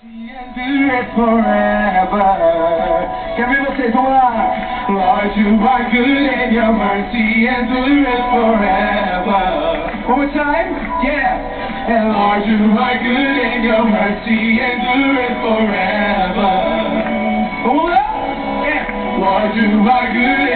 and do it forever. Can people say so loud? Lord, you are good in your mercy and do it forever. One more time? Yeah. And Lord, you are good in your mercy and do it forever. Hold up. Yeah. Lord, you are good